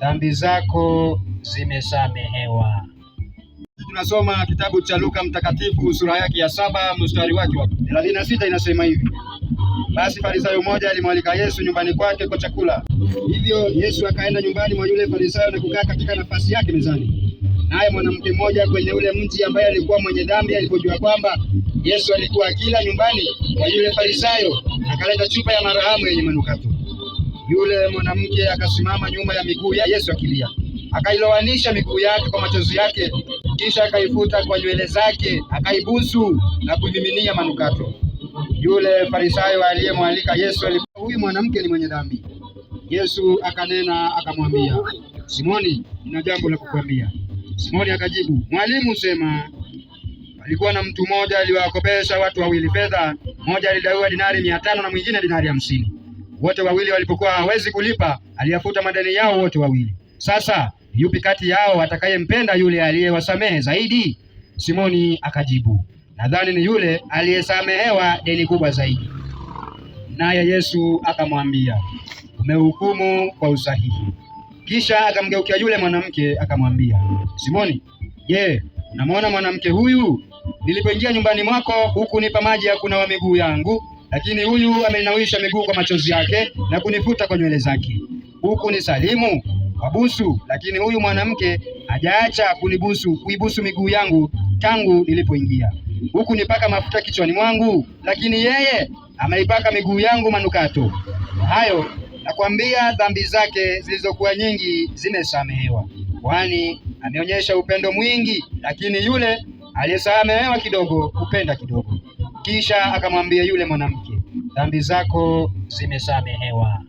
dhambi zako zimesamehewa. Tunasoma kitabu cha Luka Mtakatifu sura yake ya saba mstari wake wa thelathini na sita inasema hivi: basi Farisayo mmoja alimwalika Yesu nyumbani kwake kwa chakula. Hivyo Yesu akaenda nyumbani mwa yule Farisayo na kukaa katika nafasi yake mezani. Naye mwanamke mmoja kwenye ule mji ambaye alikuwa mwenye dhambi, alipojua kwamba Yesu alikuwa akila nyumbani mwa yule Farisayo, akaleta chupa ya marahamu yenye manukato yule mwanamke akasimama nyuma ya miguu ya Yesu akilia, akailowanisha miguu yake kwa machozi yake, kisha akaifuta kwa nywele zake, akaibusu na kuimiminia manukato. Yule Farisayo aliyemwalika Yesu alikuwa huyu mwanamke ni mwenye dhambi. Yesu akanena akamwambia, Simoni, nina jambo la kukwambia. Simoni akajibu, Mwalimu, sema. Alikuwa na mtu mmoja aliwakopesha watu wawili fedha, mmoja alidaiwa dinari mia tano na mwingine dinari hamsini wote wawili walipokuwa hawezi kulipa, aliyafuta madeni yao wote wawili. Sasa yupi kati yao atakayempenda yule aliyewasamehe zaidi? Simoni akajibu, nadhani ni yule aliyesamehewa deni kubwa zaidi. Naye Yesu akamwambia, umehukumu kwa usahihi. Kisha akamgeukia yule mwanamke akamwambia, Simoni, je, unamwona mwanamke huyu? Nilipoingia nyumbani mwako hukunipa maji ya kunawa miguu yangu lakini huyu amenawisha miguu kwa machozi yake na kunifuta kwa nywele zake. Huku ni salimu wabusu, lakini huyu mwanamke hajaacha kunibusu kuibusu miguu yangu tangu nilipoingia. Huku nipaka mafuta kichwani mwangu, lakini yeye ameipaka miguu yangu manukato hayo. Nakwambia, dhambi zake zilizokuwa nyingi zimesamehewa, kwani ameonyesha upendo mwingi, lakini yule aliyesamehewa kidogo hupenda kidogo. Kisha akamwambia yule mwanamke, dhambi zako zimesamehewa.